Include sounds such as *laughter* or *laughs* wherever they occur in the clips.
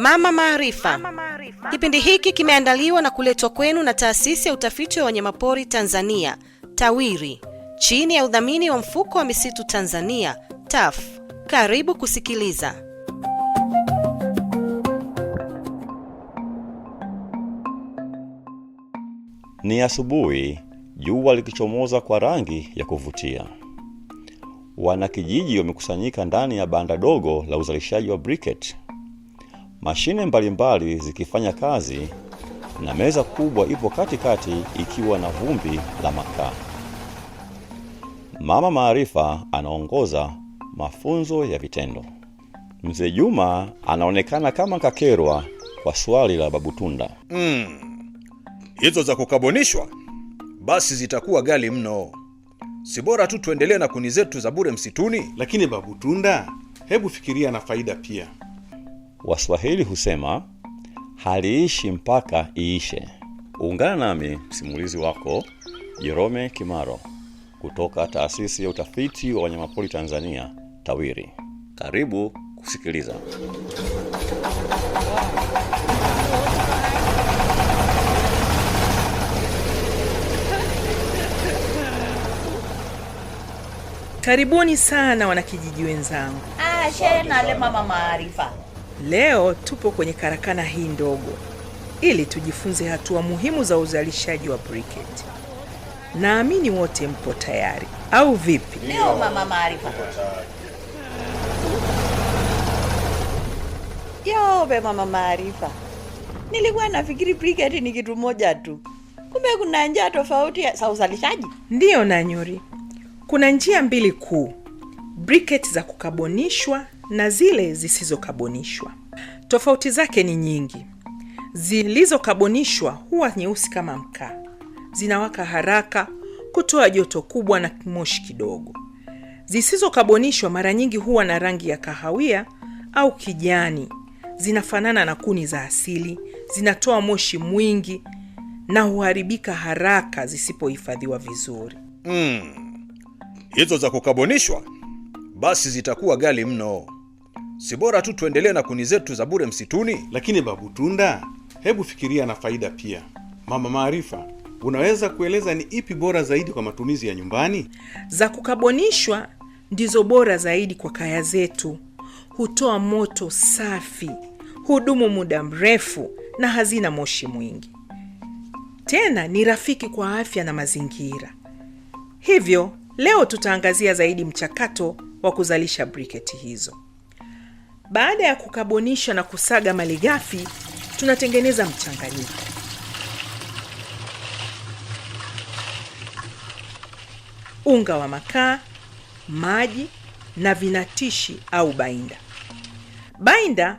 Mama Maarifa. Kipindi hiki kimeandaliwa na kuletwa kwenu na Taasisi ya Utafiti wa Wanyamapori Tanzania, TAWIRI, chini ya udhamini wa Mfuko wa Misitu Tanzania, TAF. Karibu kusikiliza. Ni asubuhi, jua likichomoza kwa rangi ya kuvutia. Wanakijiji wamekusanyika ndani ya banda dogo la uzalishaji wa briquette mashine mbalimbali zikifanya kazi na meza kubwa ipo katikati ikiwa na vumbi la makaa. Mama Maarifa anaongoza mafunzo ya vitendo. Mzee Juma anaonekana kama kakerwa kwa swali la Babu Tunda. Mm, hizo za kukabonishwa basi zitakuwa gali mno, si bora tu tuendelee na kuni zetu za bure msituni. Lakini Babu Tunda, hebu fikiria na faida pia. Waswahili husema haliishi mpaka iishe. Ungana nami msimulizi wako Jerome Kimaro kutoka Taasisi ya Utafiti wa Wanyamapori Tanzania TAWIRI. Karibu kusikiliza. Karibuni sana wanakijiji wenzangu. Ah, lema Leo tupo kwenye karakana hii ndogo ili tujifunze hatua muhimu za uzalishaji wa briketi. Naamini wote mpo tayari, au vipi? Leo mama Maarifa. Yobe mama Maarifa, nilikuwa nafikiri briketi ni kitu moja tu, kumbe kuna njia tofauti za uzalishaji. Ndiyo Nanyuri, kuna njia mbili kuu: briketi za kukabonishwa na zile zisizokabonishwa Tofauti zake ni nyingi. zilizokabonishwa huwa nyeusi kama mkaa, zinawaka haraka, kutoa joto kubwa na moshi kidogo. zisizokabonishwa mara nyingi huwa na rangi ya kahawia au kijani, zinafanana na kuni za asili, zinatoa moshi mwingi na huharibika haraka zisipohifadhiwa vizuri. Mm, hizo za kukabonishwa basi zitakuwa gali mno. Si bora tu tuendelee na kuni zetu za bure msituni? Lakini Babu Tunda, hebu fikiria na faida pia. Mama Maarifa, unaweza kueleza ni ipi bora zaidi kwa matumizi ya nyumbani? Za kukabonishwa ndizo bora zaidi kwa kaya zetu. Hutoa moto safi, hudumu muda mrefu na hazina moshi mwingi. Tena ni rafiki kwa afya na mazingira. Hivyo leo tutaangazia zaidi mchakato wa kuzalisha briketi hizo. Baada ya kukabonisha na kusaga malighafi, tunatengeneza mchanganyiko. Unga wa makaa, maji na vinatishi au bainda. Bainda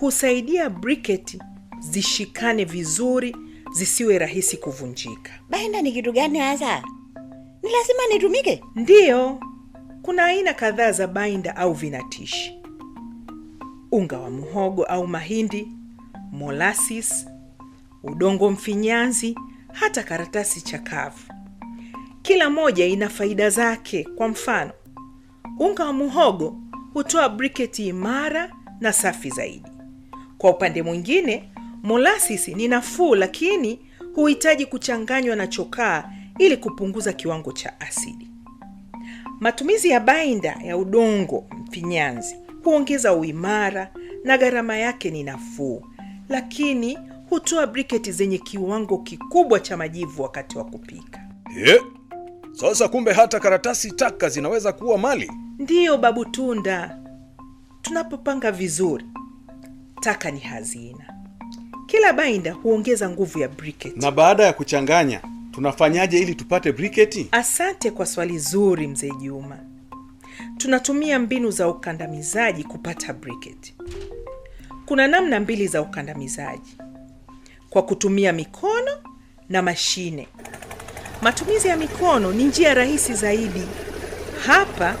husaidia briketi zishikane vizuri, zisiwe rahisi kuvunjika. Bainda ni kitu gani hasa? Ni lazima nitumike? Ndiyo, kuna aina kadhaa za bainda au vinatishi unga wa muhogo au mahindi, molasis udongo mfinyanzi, hata karatasi chakavu. Kila moja ina faida zake. Kwa mfano, unga wa muhogo hutoa briketi imara na safi zaidi. Kwa upande mwingine, molasis ni nafuu, lakini huhitaji kuchanganywa na chokaa ili kupunguza kiwango cha asidi. Matumizi ya bainda ya udongo mfinyanzi huongeza uimara na gharama yake ni nafuu, lakini hutoa briketi zenye kiwango kikubwa cha majivu wakati wa kupika. Ye, sasa kumbe hata karatasi taka zinaweza kuwa mali? Ndiyo Babu Tunda, tunapopanga vizuri taka ni hazina. Kila bainda huongeza nguvu ya briketi. Na baada ya kuchanganya tunafanyaje ili tupate briketi? Asante kwa swali zuri, Mzee Juma tunatumia mbinu za ukandamizaji kupata briketi. Kuna namna mbili za ukandamizaji: kwa kutumia mikono na mashine. Matumizi ya mikono ni njia rahisi zaidi. Hapa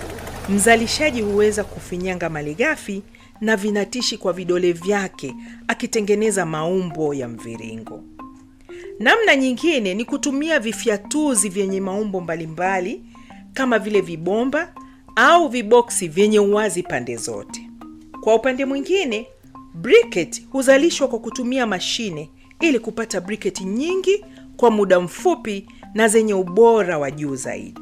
mzalishaji huweza kufinyanga malighafi na vinatishi kwa vidole vyake akitengeneza maumbo ya mviringo. Namna nyingine ni kutumia vifyatuzi vyenye maumbo mbalimbali kama vile vibomba au viboksi vyenye uwazi pande zote. Kwa upande mwingine, briket huzalishwa kwa kutumia mashine ili kupata briket nyingi kwa muda mfupi na zenye ubora wa juu zaidi.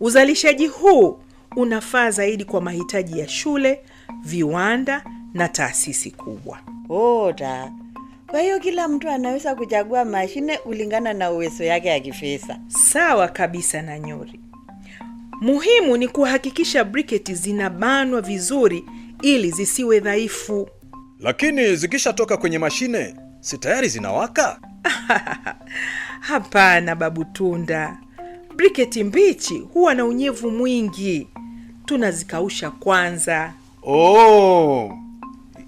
Uzalishaji huu unafaa zaidi kwa mahitaji ya shule, viwanda na taasisi kubwa. Bora. Kwa hiyo kila mtu anaweza kuchagua mashine kulingana na uwezo yake ya kifesa Sawa kabisa na Nyori muhimu ni kuhakikisha briketi zinabanwa vizuri ili zisiwe dhaifu lakini zikishatoka kwenye mashine si tayari zinawaka *laughs* hapana babu tunda briketi mbichi huwa na unyevu mwingi tunazikausha kwanza oh,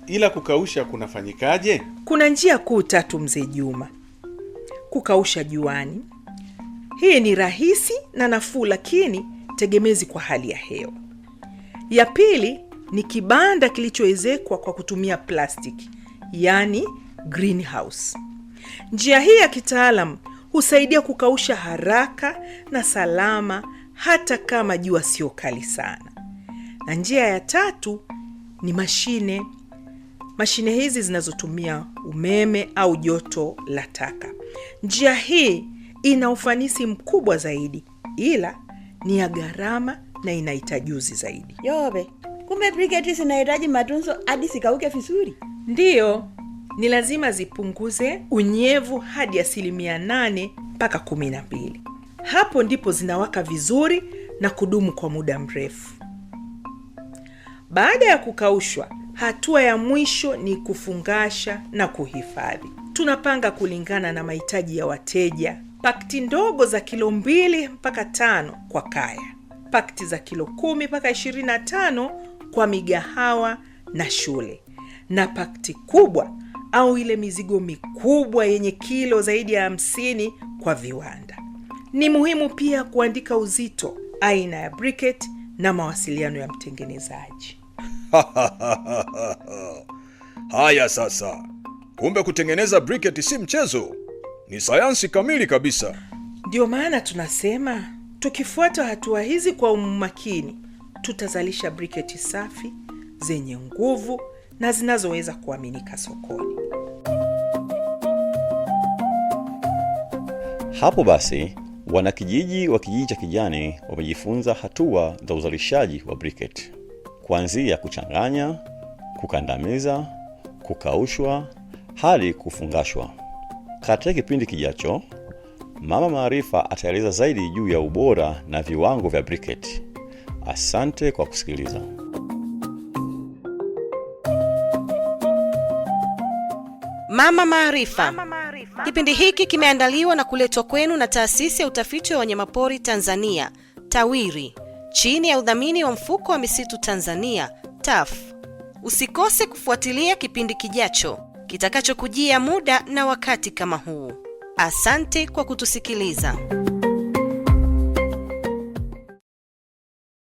ila kukausha kunafanyikaje kuna njia kuu tatu mzee juma kukausha juani hii ni rahisi na nafuu lakini tegemezi kwa hali ya hewa. Ya pili ni kibanda kilichoezekwa kwa kutumia plastiki, yaani greenhouse. Njia hii ya kitaalam husaidia kukausha haraka na salama, hata kama jua sio kali sana. Na njia ya tatu ni mashine. Mashine hizi zinazotumia umeme au joto la taka. Njia hii ina ufanisi mkubwa zaidi, ila ni ya gharama na inahitaji uzi zaidi. Yobe, kumbe briketi zinahitaji matunzo hadi zikauke vizuri. Ndiyo, ni lazima zipunguze unyevu hadi asilimia nane mpaka kumi na mbili. Hapo ndipo zinawaka vizuri na kudumu kwa muda mrefu. Baada ya kukaushwa, hatua ya mwisho ni kufungasha na kuhifadhi. Tunapanga kulingana na mahitaji ya wateja pakti ndogo za kilo mbili mpaka tano kwa kaya, pakti za kilo kumi mpaka ishirini na tano kwa migahawa na shule, na pakti kubwa au ile mizigo mikubwa yenye kilo zaidi ya hamsini kwa viwanda. Ni muhimu pia kuandika uzito, aina ya briket na mawasiliano ya mtengenezaji. *laughs* Haya sasa, kumbe kutengeneza briket si mchezo ni sayansi kamili kabisa. ndio maana tunasema tukifuata hatua hizi kwa umakini, tutazalisha briketi safi zenye nguvu na zinazoweza kuaminika sokoni. Hapo basi, wanakijiji wa kijiji cha Kijani wamejifunza hatua za uzalishaji wa briket kuanzia kuchanganya, kukandamiza, kukaushwa hadi kufungashwa. Katika kipindi kijacho, Mama Maarifa ataeleza zaidi juu ya ubora na viwango vya briketi. Asante kwa kusikiliza. Mama Maarifa. Kipindi hiki kimeandaliwa na kuletwa kwenu na Taasisi ya Utafiti wa Wanyamapori Tanzania, TAWIRI, chini ya udhamini wa Mfuko wa Misitu Tanzania, TAF. Usikose kufuatilia kipindi kijacho kitakachokujia muda na wakati kama huu. Asante kwa kutusikiliza.